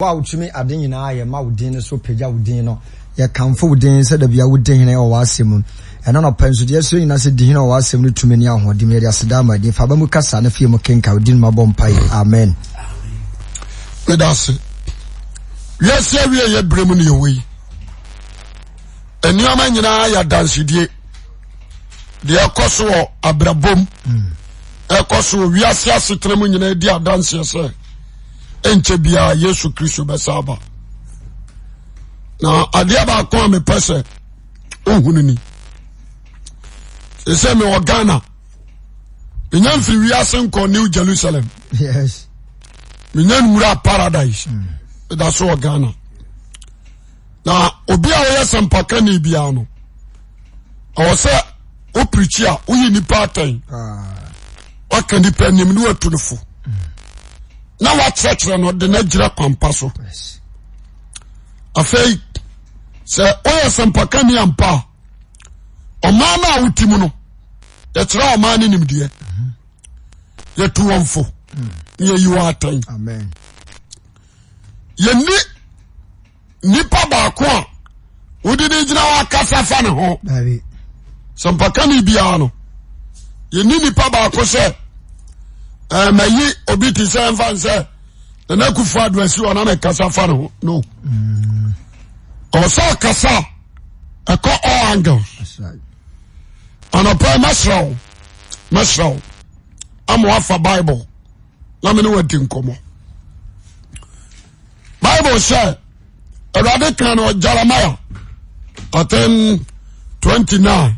wa wotumi ade nyinaa yɛ ma wo din no so pagya wo din no yɛkamfo wo din sɛ dabi a wo din hene wɔ w'asɛm mu ɛno na pɛn deɛ ɛsrɛ nyinaa sɛ di hene wɔ w'asɛm no tumi ne ahoɔden yɛde aseda ama din fa ba kasa no fie mu kenka wo din mabɔ mpae amen meda ase wiase awie yɛ berɛ mu ne yɛwɔ yi nneɔma nyinaa yɛ adansedie deɛ ɛkɔ so wɔ abrabom hmm. ɛkɔ so wɔ wiase asetena mu nyinaa di adanseɛ sɛ ɛnkyɛ biaa yesu kristo bɛsa aba na adeɛ baako a mepɛ sɛ wɔhununi sei sɛ me ɔghana menyamfini wiase nko new jerusalem menya nemura a paradise mm. eda sɛ ɔghana na obi a wɔyɛ sampa kane biara no ɛwɔ sɛ wɔ pirikhi a wohi nnipa atɛn waka ah. nipa nnim ne watu nofo na wokyerɛkyerɛ no de nagyira kwanpa so afei sɛ woyɛ sɛmpa kani ampa a ɔmaa na woti mu no yɛkyerɛ ɔmaa no nimdeɛ mm-hmm. yɛtu wɔmfo n mm. yɛyi wɔatɛn yɛni nnipa baako a wodi ne gyina woaka fa fa ne ho sɛmpa kani biaa no yɛni nnipa baako sɛ Eh, mayi obi ti sɛnfame se anakufa aduasiwanamekasa fan no ɔwso kasa ɛkɔ or angele anapo meserɛwo meserɛwo amowafa bible na mene wadinkomɔ bible sɛ aluade knane jeremaiah atin twenty nie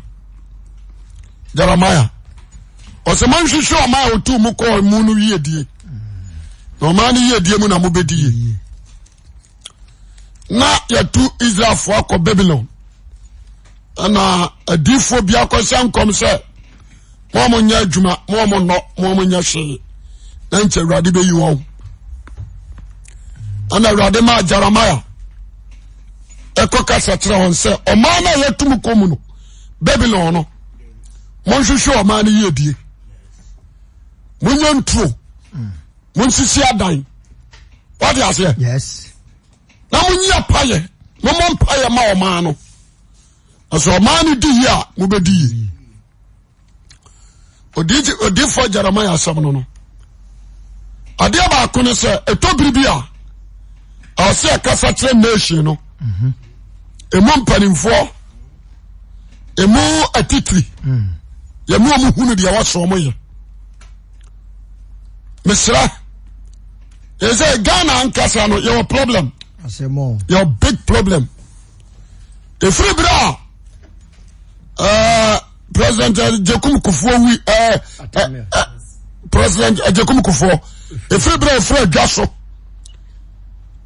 jeremiah ɔsɛ monhwehwɛ ɔma a ɔtu mu kɔɔ mu no yie die na ɔma yie die mu na mobɛdi yie na yɛtu israelfoɔ akɔ babylon ɛna adiifoɔ bi akɔhyɛ nkɔm sɛ mo a monyɛ adwuma mo a monnɔ mo a monyɛ hwee na nkyɛ awurade bɛyi wɔn ɛna awurade maa jeremia ɛkɔ kasa kyerɛ wɔn sɛ ɔmaa no a yɛtu mu kɔ mu no babylon no monhwehwɛ ɔma no yie die monya nturo monsisi adan wode aseɛ na monya payɛ momɔ mpayɛ ma ɔmaa no ɛsɛ ɔmaa no di yi a di. yi odifoɔ jeremia asɛm no no adeɛ baako no sɛ ɛtɔ biri a ɛwɔ ɛkasa kyerɛ nation no ɛmu mpanimfoɔ ɛmu atitiri mm. yɛmu ɔmu hunu deɛ wɔsoɔ mo yɛ meserɛ ese gana nkasa no yw problem y big problem ɛfire bre uh, president aykumkfupresintkumkfu fre bre freadwa so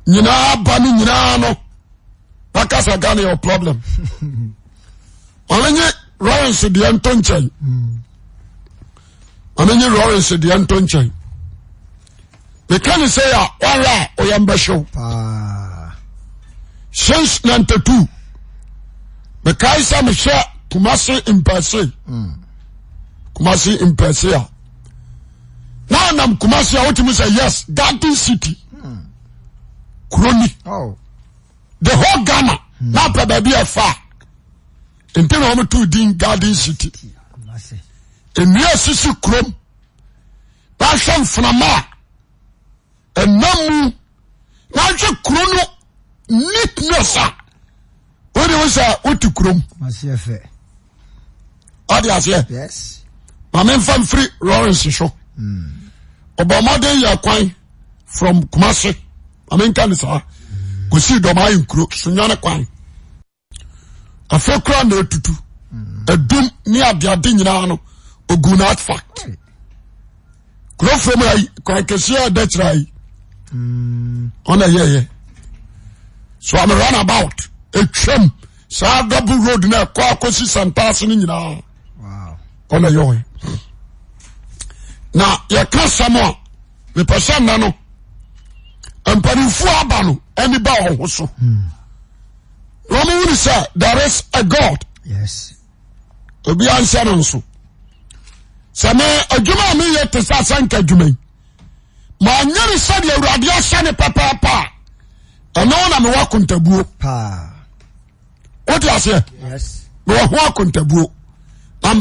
yinaa ba no nyinaa no ba kasa gana yw problem ɔnenye rorens deɛntokyɛ ɔnenye rorens deɛ ntonkyɛn mekene sei a oarea oyam bɛ sweo sans nantatuo mekae se mehwɛ kumase mpase hmm. kumase mpasea na nam kumase a wotimo se yes garden city hmm. kroni de oh. ho ghana hmm. napa baabiafa ntime homo too din garden city enu sisi kurom bahwɛ mferamaa ɛna mu wahwɛ kuro no neatness a wode wo sɛ wote kurom ɔde aseɛ ma memfa mfiri lawrence so hmm. ɔbɔ mmɔden yɛ kwan from kumase ma menka ne saa kɔsii dɔmaayɛ nkuro sonyane kwan afei kora na atutu hmm. adum ne adeade nyinaa no ogu no artifact kurofurom ayi kwan kɛseɛ ada kyerɛ ayi one yɛye so ame run about etam saagaborodna ɛkoakosi santaseno yiraa one ye na yɛkera samoa ne pesonano mparo fuo abano aniba hoho so nomoweni se there is a god obiansanonso seme adwuma meye te sasanka dwuma maayane sɛde awuradeɛ asane papapa ɛnena mewa kontabuoosɛwho n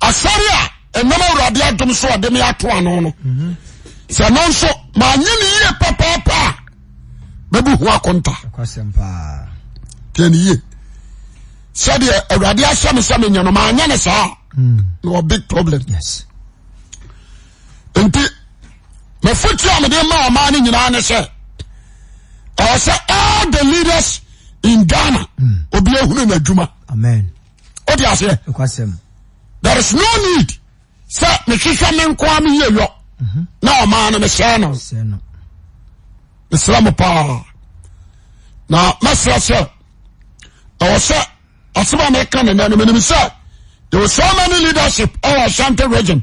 tsarea ɛnamrde doaaneee aapa mɛihooaasipoent ofotu a mede ma ɔma ne nyinaa ne sɛ ɛwɔ sɛ all the leaders in ghana hmm. obi hunu no adwuma ode aseɛ there is no need sɛ mehwehwɛ menko a meye yɔ mhm. na ɔma no meseɛ no mesrɛ mo paa na mɛserɛ sɛ ɛwɔ sɛ aseba meka nenɛ no menim sɛ ewa so many leadership ɔwosante rigim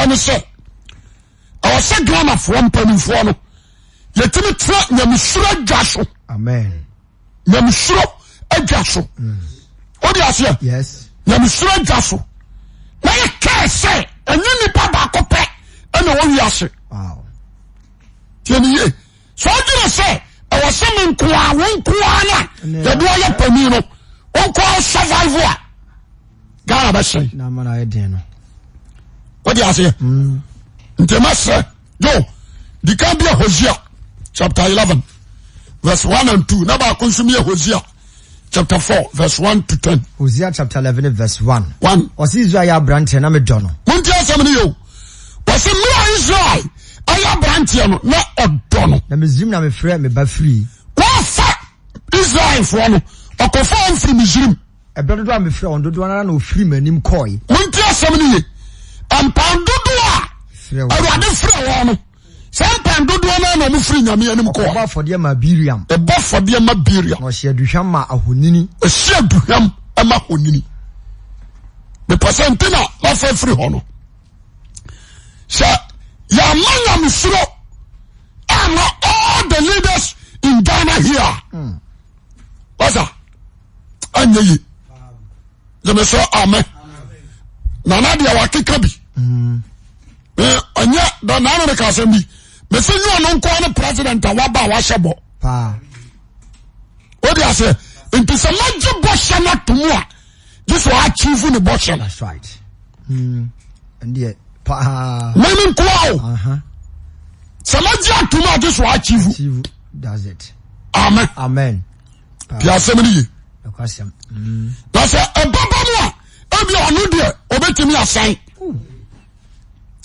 ɛne sɛ ɛwɔ sɛ ghanafoɔ mpanifoɔ no yɛtimi tea nyamsuro adwa so nyasu wassuro adwa so mɛyɛ mm. kɛ sɛ anwo nnipa baakɔpɛ na wɔwiase sɛ odyene sɛ ɛwɔ sɛ menkowa wonkoa noayɛdo wɔyɛ pani no wonkowa savaivo a ghanabɛsɛ wọ́n hmm. di aseɛ ntoma sɛ yo Hosea chapter eleven verse one and two na baako nso Hosea chapter four verse one to ten. Hosea chapter eleven verse one. one. Israel yɛ aberanteɛ na mi no. mo n yo Israel no na no. E na na ba firi. firi do a mi do dodo na mpandodo a arade fire wono sa mpandodo no namo firi yamin d maa mafafr so yama yam soro ana all the leaders ingana he yeso mkeka ɔnyɛ mm. eh, dɔnaano ne ka asɛm bi mɛsɛ nyɛ ɔno nkɔ ne president a waba a wahyɛ bɔ wode asɛ nti sɛ magye bɔhyɛ no ato mu a gye sɛ ɔakyifo ne bɔhyɛ no mene hmm. nkoa o uh-huh. sɛ magye ato mu a gye sɛ ɔakyifo amen piasɛm no ye hmm. na sɛ ɛbaba mu a ebia ɔno deɛ ɔbɛtumi asan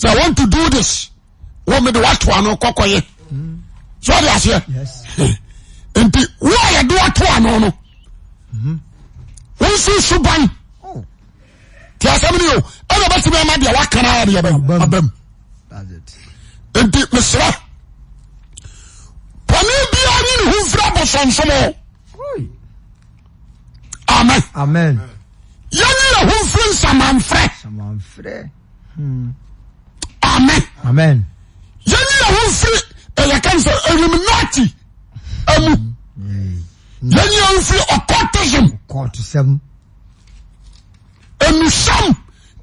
ooɛnoɛaonosan ɛiaaniesrɛ anomf sonsoɛɛomfsamafɛ mean yeyi ya homferi yakem sɛ anum nati amu yeyyehomferi oko te simsem anu sam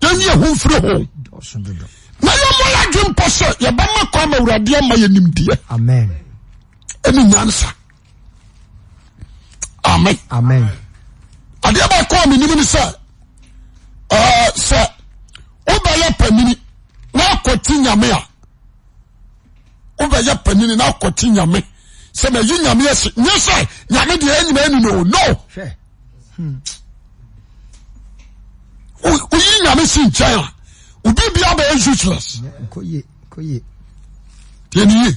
yeyiyahomfiri ho na yɛmoya ju npo so yɛbama koamawera adiɛ ma yɛnimdie aminansa amen aen adeɛmakomeninim se sɛ wobeyɛ pa mini ya wobɛyɛ paninnaakɔte nyame sɛ mayi nyame asi nye sɛ nyame deɛ anyima anunoono hmm. woyi nyame sinkyan a odi biabawɔ ugless daniyi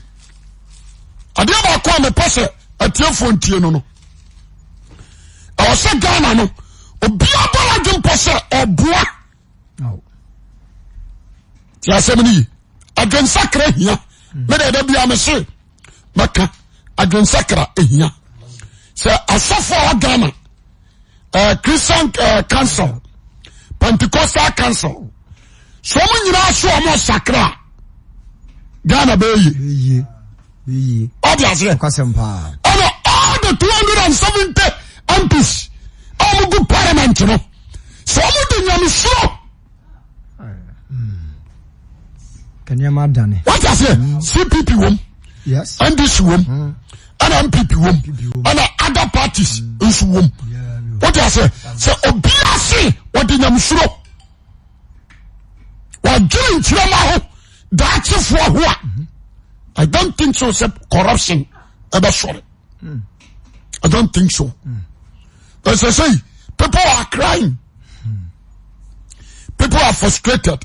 adeɛ bako amepɔ sɛ atiafɔ ntie no no ɛwɔsɛ ghana no obiabawadwo mpɔ sɛ ɔboa semino ye adonsakra ahia mededa bia mese meka adonsakra ahia se asufoa ghana eh, christian eh, council pentecostal council so mo yina asoo mosakraa ghana bɛyedesen lle 270 ampis mogo parementno so mode yame suro What adane. wọ́n ti cpp wom ndc wom ɛna mm. npp wom ɛna other parties nso mm. wom wọ́n ti ase sɛ obi ase wɔde nyamsoro wɔdwiri nkyerɛma ho daakyefoɔ ho a i don't think so sɛ corruption ɛbɛ sɔre mm. i don't think so ɛsɛ sɛ people are crying people are frustrated.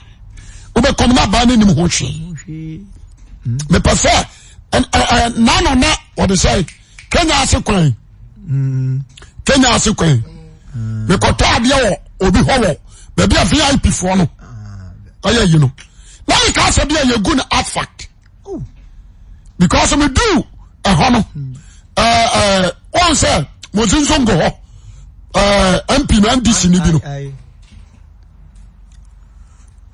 wobɛkɔmeno abaa ne ni ho hweɛ mepɛ sɛ nano na wɔde sɛ kenya ase koan kenya ase koan mekɔtɔadeɛ wɔ obi hɔ wɔ babi a fii aipifoɔ no ɛyɛ yi no nayeka asɛ bia yɛgu no adfact because medu ɛhɔ no woh sɛ mozi nso nko hɔ ampino andi si no bi no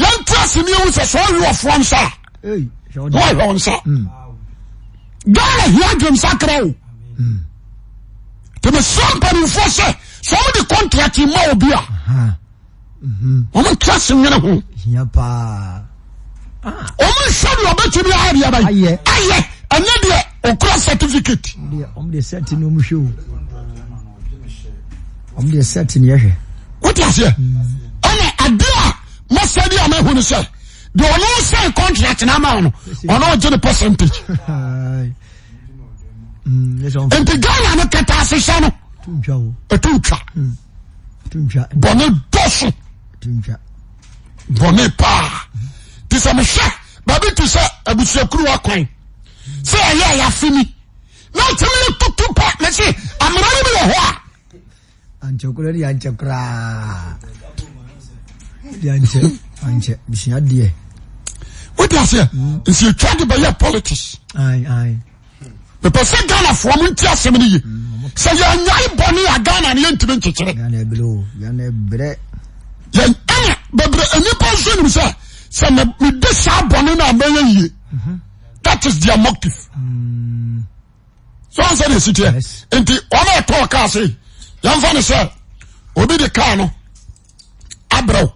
yantasemiaw se sɛ f nsnsa mm. mm. a mhm. hia domsa krao temesa mparif sɛ so mede contrat maobia omotasewenh omesɛde bateiɛ yedɛ okra setificate masa di ama ho no sɛ de ɔnese contrat na ma o noɔne ɔgye ne posentage enti mm, gana no keta sehɛ no ɛtumtwa mm. bɔne do so bɔne paa ti sɛ mehwɛ babi tu sɛ abusakuruwa kon sɛ ɛyɛ ya fimi me timi no totu pa mese amaramo miyɔhɔ a ankyknyankra wets nsietuade beyɛ politis epɛse ghana fo mo nti asemine ye mm, se yayai boneaghana ne yentimi kyekyere yana bebere anibosenim se se mede saa bone namayaye mhm. thatis theamoctive mm. sosene sit nti neto kase yemfane se obide ka no abro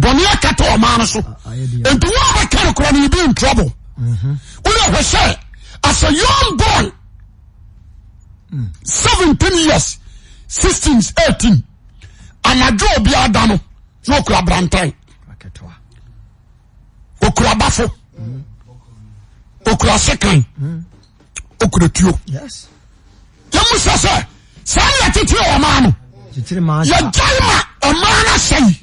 bɔne yɛkato ɔmaa no so ɛnti wobɛkare korɔ neibintrouble mhm. woyɛhwɔ sɛ asa young ball mm. sevne years sixeens ee anadwoɔ biaa da no na ɔkura branta ɔkura bafo ɔkura mm. sekan ɔkura mm. tuo yɛmu sɛ sɛ saa ne yɛtetire ɔ ma no yɛgyae ma ɔmaa no sɛi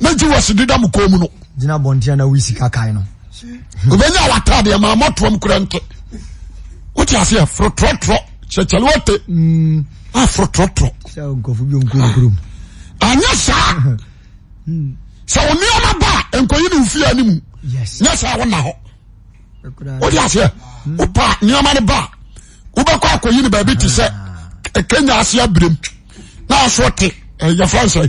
na jesus deda mu kɔn mu no. gyina abɔnten na wisi kakan no. obɛnya awataadeɛ maa mɔtoɔ mu kura nte wote aseɛ forotorɔtorɔ kyɛkyɛle wɔte a forotorɔtorɔ anyɛ saa sɛ wo nneɔma ba a nkɔyi ne wofie no mu nyɛ saa wona hɔ wode aseɛ ah. wopa nneɔma no ba a wobɛkɔ akɔyi no baabi te sɛ kenya ase abrem na asoɔ te eh, yɛfra nsɛe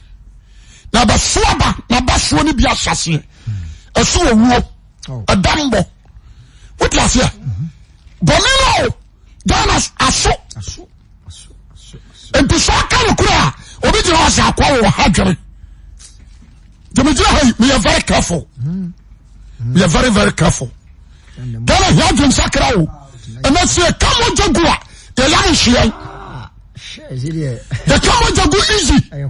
Oh. s bo aso pisokar obiia jireyee aeflsarkaaa yya sie ekemjago esioe sek meee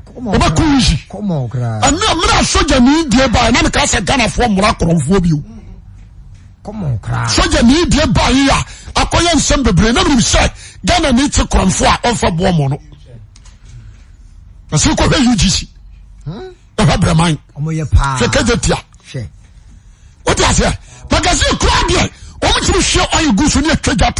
go kat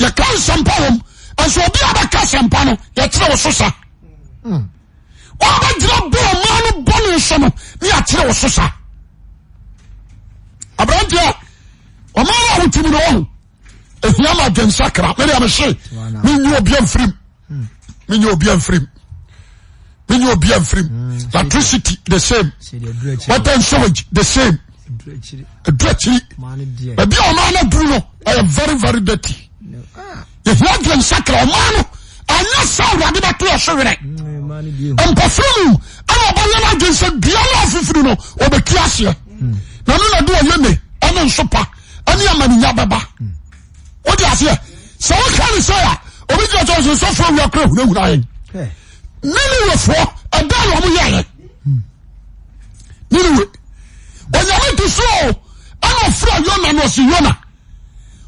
yɛka nsɛmpa om nsobia bɛka sɛmpa no yɛkyerɛ wo sosa hmm. wabagyira boma no bɔ neso no ne yɛkyerɛ wo sosa aberanta ɔma na hotumino hiama dwensakra memeemf mf lactricity the same eten soage the same dakiriabimanor no yɛveryvery dity If yɛhia deɛ nsakra ɔma no ɛnyɛ sɛ awurade bɛto ɛso werɛ mpɔfra mu ɛna ɔbɛyɛ no adwen sɛ duala afifiri no ɔbɛtu aseɛ na no na a ɔyɛ me ɛne nso pa ɛne amaninya bɛba wode aseɛ sɛ woka ne sɛ a obi gyina kyɛ sɛ sɔfoɔ wia kora hunahuna yɛn neniwefoɔ ɛda na ɔmo yɛyɛ neniwe onyame to so ɛna ɔfra yona na ɔse yona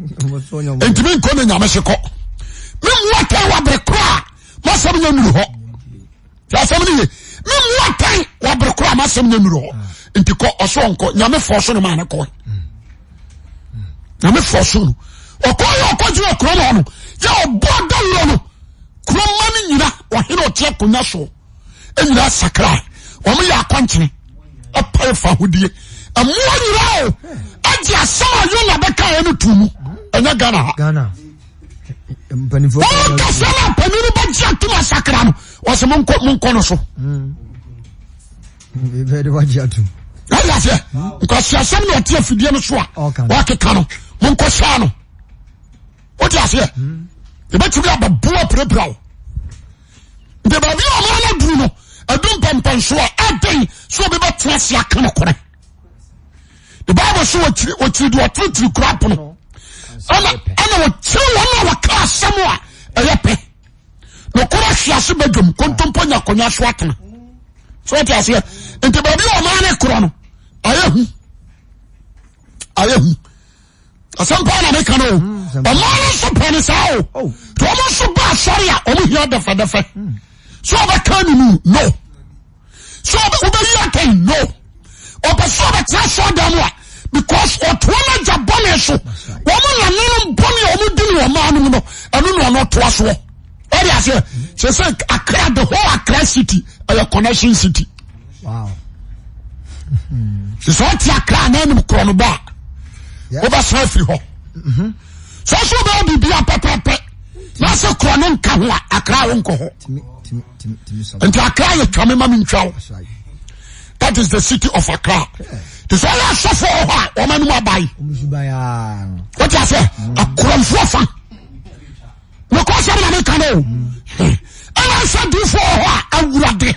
ntumi nkɔ ne nyame se kɔ memmoa tan wabere koro a masɛm nya nuru hɔ asɛm no ye memmoa tan wabere koro a masɛm nya nuru hɔ nti kɔ ɔso nkɔ nyame fɔ so no ma ne kɔ nyame fɔ so no ɔkɔ yɛ ɔkɔ gyina kuro no no yɛ ɔbɔ da wurɔ no kuro ma no nyina ɔhene ɔteɛ konya so ɛnyina sakra ɔmo yɛ akɔnkyene ɔpae fa hodie ɛmmoa o agye asɛm a yona bɛka ɛ no to mu ya ganakasapanio baye tum sakra snkosnefid an aps eɛtoa sia kanokkiridtri ka nkera wka asɛma yɛpɛ krase ba sarkan no ɛbɛtasdama becaus tonabon so aɔsa the whoe ara city ay connection cityɛwtɔwoɛsf hsbɛ bibia ɛɛ nskrn nkahor wonh nti kra yɛtwamema mo ntwawatis the city of acra tso olase fohoa omanum aba wetase akrofuo fa k seminamekan ase du fhoa awurade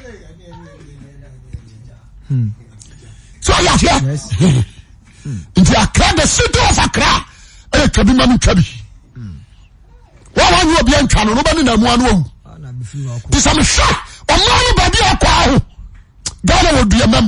soys ntakra desiteofa kra ane tabi mam tabi wawa yobi tan nbanenamuanwu tesemesa omno badi okoo ganewoduamam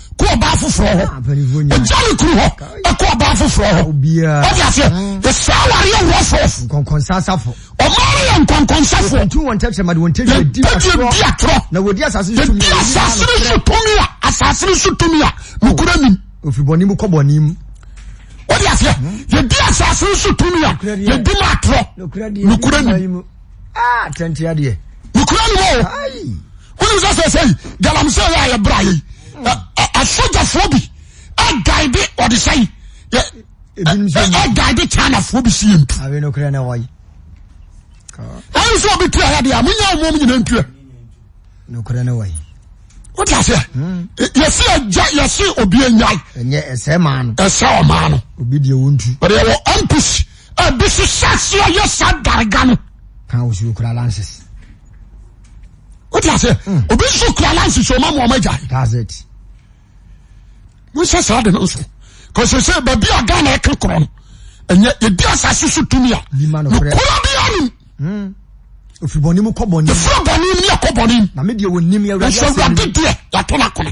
kó ọba afoforọ hɔ ɛjá ni kuru hɔ ɛkó ọba afoforọ hɔ ɔdi aseɛ yasa awari awura fɔfɔ nkɔnkɔnsasafo ɔmaa ni yɛ nkɔnkɔnsafo yɛtu wɔn tɛtɛ ma de wɔn tɛtɛ yɛ di atorɔ ah. na wò di asase ni tumi a asase ni so tumi a nukura nim ofurubɔni mu kɔbɔni mu ɔdi aseɛ yɛ di asase so tumi a yɛ di ma atorɔ nukura nim nukura nim o wọn ni sɛ sɛ sɛ galamsey a bra yi. asojafuo bi egai be odeseigai be tanafoo biseye seobetuamymyenusyyese obi yai seomanuto mpis bise sasioye se dargano as obis kura hmm. lance hmm. mamaja monhyɛ saa de no nso ksɛ sɛ baabi a ghana ɛka korɔ no ɛnyɛ yɛdi asase so tumi a nokora bia nim hmm. ofiri bɔne mu kɔ bɔne mu ɛfiri bɔne mu ne yɛkɔ bɔne mu na medeɛ wɔnim yɛwurade asɛm ɛsɛ awurade deɛ yɛto no akone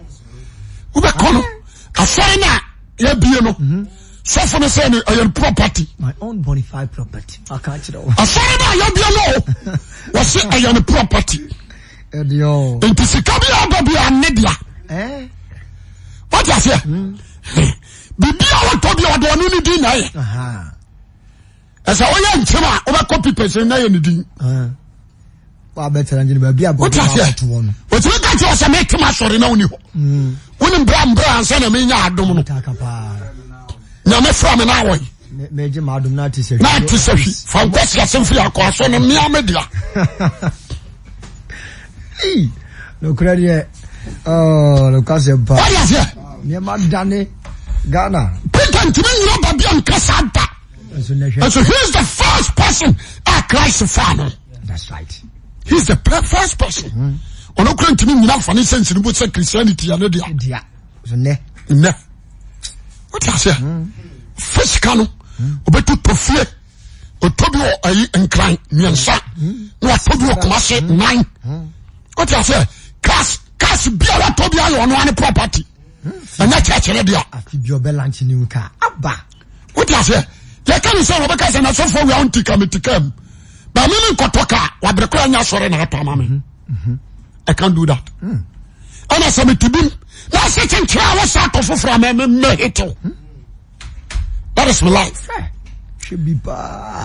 wobɛkɔno asare noa yɛbie no sofono sɛne ayan property asare noa yabi no wɔse ayɛno propertynti sika bia babia anne bia eh? wataseɛ hmm. bibia wotɔ bia ɔdeno no din nayɛ ɛsɛ ɔyɛ nkyam a wobɛkɔpipɛsin nayɛ ne din wa bɛ tẹ̀lé ẹnjẹ bẹẹbi abọ ọdún wa tó wọn. o ti mi ka ti ọsẹ mi kí ma sọrọ iná òní hɔ wọn ni bra bra ansa na mi nya adum no na mi fura mi n'awọ yi. mẹjì ma adum n'ati sẹ. n'ati sẹ fi fankọ si ase fi akọ aso ni mi ame dia. lókùrẹ́ díẹ̀ lókàsẹ̀ pa. wọ́n yà fẹ́. nìyẹnma dání ghana. peter ntumi nyina bàbí à ń da. and so he is the first person a ah, christ fan. that's right he is the first person ɔno kura ntumi nyina afɔni sɛ nsiribu sɛ christianity yɛ ne deɛ nnɛ nnɛ o ti ase fisika no o bɛ to tofie o tobi wɔ ayi nkran mmiɛnsa na o tobi wɔ kumase nnan o ti ase kaas kaas bia wa tobi ayɛ ɔno ani property ɛnyɛ kyerɛkyerɛ deɛ. afi bi ɔbɛ lanchi ni nka aba. o ti ase yɛ ka ni sɛ ɔbɛ ka sɛ na sɔfo wia o ti ka ti ka mmeko toke brekoya sorentmm mhm, mhm. ican do that nse metbi senkera wseto fofro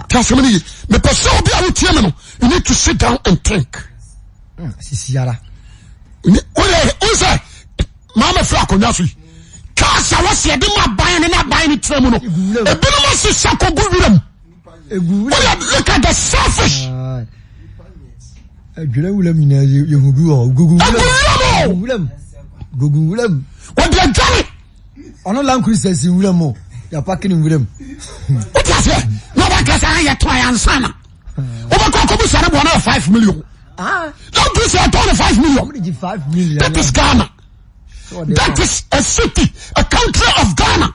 tatis elis o d n tn frssdemmmuin saoweram look at the selfish. adwene wulam nyinaa yɛ hu bi wɔ gugu wulam gugu wulam wɔde adwane ɔno land cruiser si wulam o yɛpake ne wulam wote aseɛ na wɔbɛka saa yɛtɔ ayɛnsa na wobɛkɔ akɔmu sare bɔ no yɛ 5 ah, million land cruiser yɛtɔ no 5 million that is Ghana that is a city a country of Ghana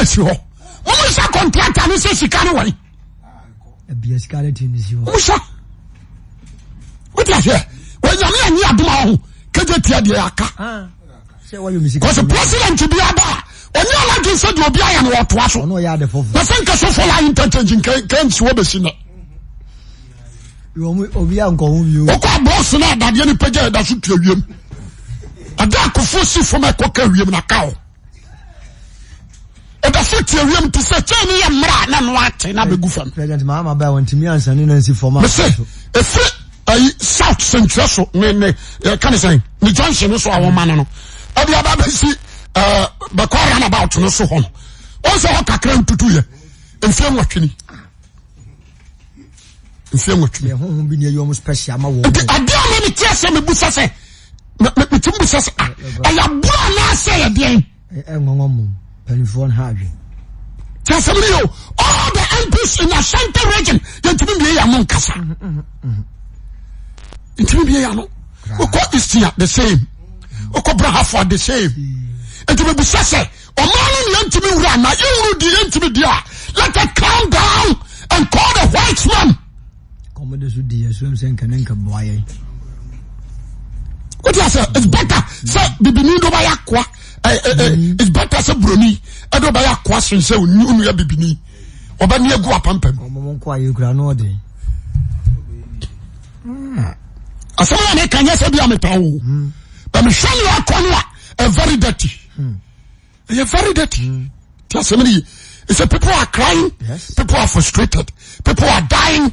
s omsa contatansɛ sikanwya ye omah tiadɛ kaesidentbba nyaadsɛd iyantassesɛ obi ankɔhu bi o. wọ́n kọ́ bọ́ọ̀sì náà dadeɛ ni pẹ́jẹ́ ẹ̀dá so tu ewiem ẹ̀dá akófó sí fún ẹ̀kọ́ ká ewiem na ká o ẹ̀dá so tu ewiem ti sẹ́ kyẹ́ ni yẹ mìíràn náà nù àti náà bẹ gu fam. president mahama bá wọn tìmí ansa ní nansi fọm a. bẹsẹ efi ayi south central so ne ne ẹ kàn sẹ́yìn ni junction so àwọn ọmọ nínú ẹbi ọba bẹ si ẹ bẹkọ roundabout ni so hàn wọn sọ ọ kakra ntutu yẹ nfi ẹ wọ twini. ɛameɛsɛ allelps inasant regin tumibiyaokasa sa the same raa the same mm. nti sa sɛ ɔa no na ntimi wrnɛdi eneia wɔde so di yɛsuam sɛ c'est sɛ its better sɛ bibini de wobɛyɛ akoa eh, eh, eh, mm-hmm. its better sɛ buroni c'est wobɛyɛ akoa sen sɛ onua bibini ɔbɛne agu apampam C'est na meka nyɛ sɛ bia mepɛ c'est a very dirty mm-hmm. very dirty mm-hmm. are crying people are frustrated people are dying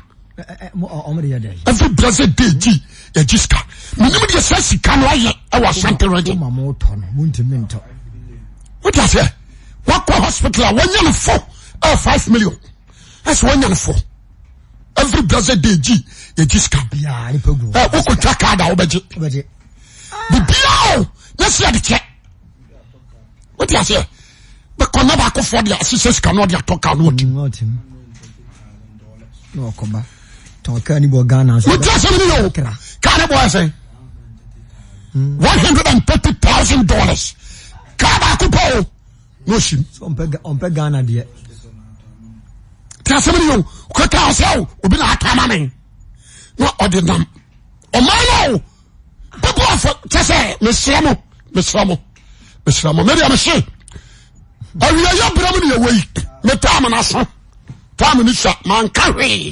every blessed day gyi yɛgye sika menim deɛ saa sika no ayɛ ɛwɔ asante rede wode aseɛ woakɔ hospital a wanya no fo a 5 million ɛsɛ wanya no fo every blessed day gyi yɛgye sika wokɔtwa kaada wobɛgye bibia o na sɛ yɛde kyɛ wode aseɛ bɛkɔna baakofoɔ de asesɛ sika no ɔde atɔ ka no ɔtim m tia semene kane boese one ndred a firty thousand dollars kabakupao nsi tasemini kkrase obintamame ode nam omane bob sese me siremmee mese waya bra moneyewei me tmena san tmenesa ma nka ee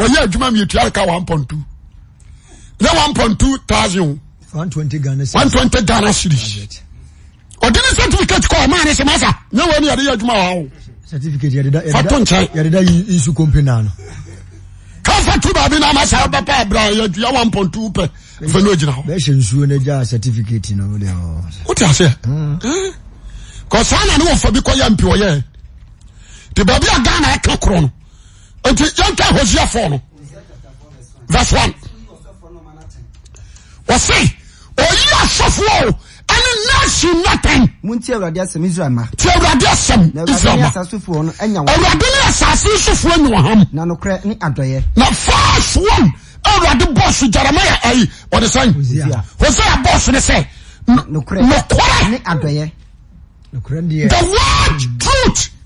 ɔyɛ adwuma mmiɛtu areka one point two ne one point two thousand one twenty Ghana series ɔde ne certificate kɔ ɔmaa ne sɛ masa ne ni ne yɛde adwuma wɔ awo certificate yɛdeda fato nkyɛn yɛdeda yi isu kompe na ano kafa tu baabi na amasa bɛpa abira yɛdua one point two pɛ fɛ ne ogyina hɔ bɛhyɛ nsuo na gya certificate hmm. na o de ɔ wote aseɛ kɔsaa na ne wɔfa bi kɔyɛ mpi ɔyɛ te baabi a Ghana ɛka e korɔ no nti yɛnka hosiafoɔ no verse one wɔse oyi asɔfoɔ o ɛne nurse nothing. muntie awurade asɛm israel ma. tie awurade asɛm israel ma. awurade ne asase sofoɔ nyɛ wɔn ham. na nokorɛ ne adɔyɛ. na first one awurade bɔɔso jeremiah ayi ɔde sɛn hosea bɔɔso ne sɛ nokorɛ ne adɔyɛ. the word truth.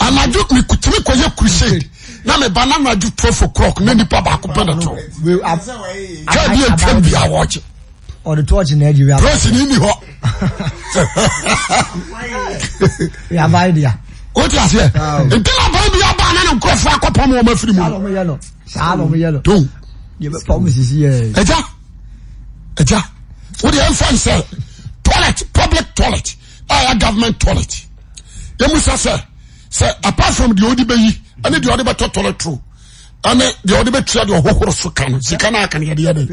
anadwo mekutumi kɔyɛ crusade na meba na anadwo twelve o'clock na nipa baako pɛ ne to twa bi atwa bia wɔgye ɔde tɔɔkye na agye prɛsi ne ni hɔ yabae dea wote aseɛ nti na baa bia baa na ne nkurɔfoɔ akɔpam wɔ mafiri mu saa na ɔmo yɛlɔ to yɛbɛpa mo sisi yɛ agya toilet public toilet ɛyɛ government toilet yɛmu sa sɛ apart from de ode beyi ane dewode bɛtotore to ane dewode bɛtua de ohohoro so kan sikankenyedeydeon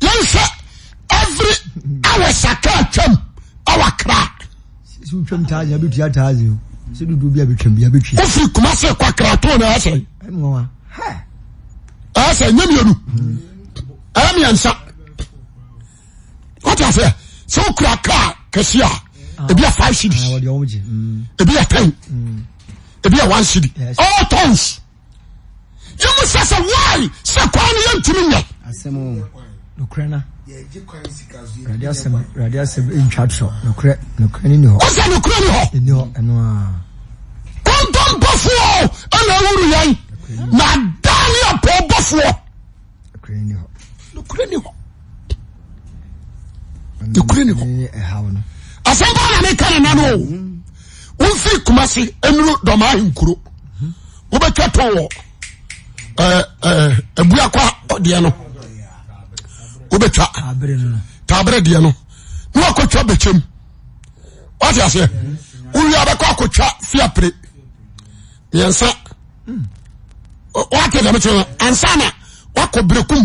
yensɛ every ow saka twam awa krawofri koma se kkra ton sse yamin miansa watas so wokura ka kesiabia fiv sidi ebien ebiane sidi ton ye mu se se wae se ko no yantimi miewose nokura ni ho onto bofuo ana wuru yen nadaneyopo bofuo kneh asampaa na mekanena noo womfi kuma se amuru dɔmaa henkuro wobɛtwa towo abua ka deɛ no wobɛtwa taberɛ deɛ no ne waktwa bekyem wat asɛ wowabɛkɔ akɔ twa fia pre eɛnsa hmm. watefame ansana wakɔ berakum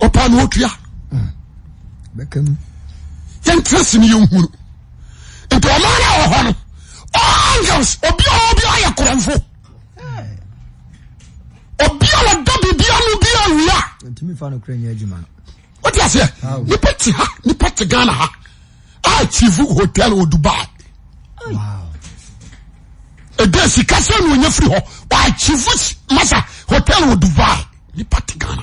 ɔpa na ɔtua yɛntra si you Et nti on no wɔ hɔ no angels obi a obi Tu me obi a wɔda biribia no bi awia wote aseɛ nipa ha nipa ghana ha hotel wɔ dubai ɛdɛ sika firi hɔ masa hotel wɔ dubai nipa ghana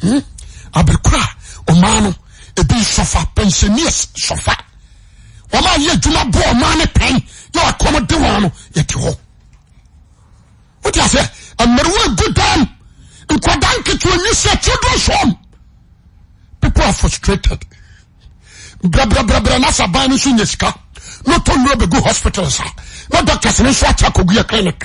Hmm? aber koraa ɔma no bi sufa pensionies sofa mayɛ adwuma bo mane pnehw mrag am nanken sɛkodo som peple ar fustrated brarararansanoso ysa noog hospitals tsno su aga clinic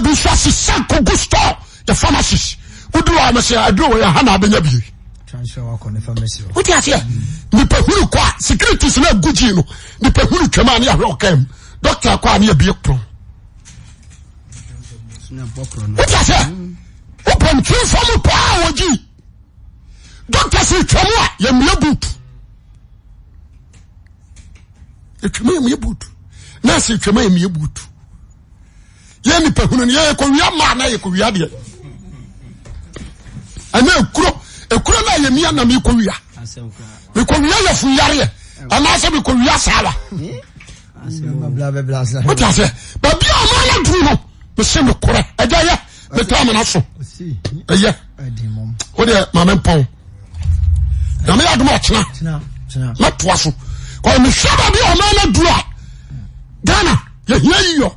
biusesakogo sto efanse waio twifampoi stwaa yɛ ɛ yɛ nipa hunu no il maa na yɛkɔwia deɛ ɛna ekuro ekuro na yɛ mia na mekɔwia mekɔwia yɛ funyareɛ anaasɛ mekɔwia saawa wote o baabi a ɔma no duru mais mese mekorɛ ɛgya yɛ metaa so ɛyɛ ma mais Mais so Mais a ɔma no duru a ghana yiyɔ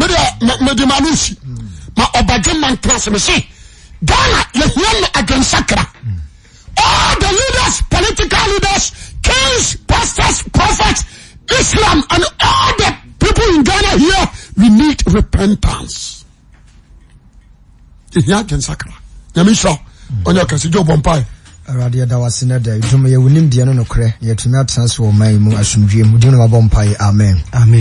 m bdwmrsehh dwarles poilldes ispeia pnghn nditasd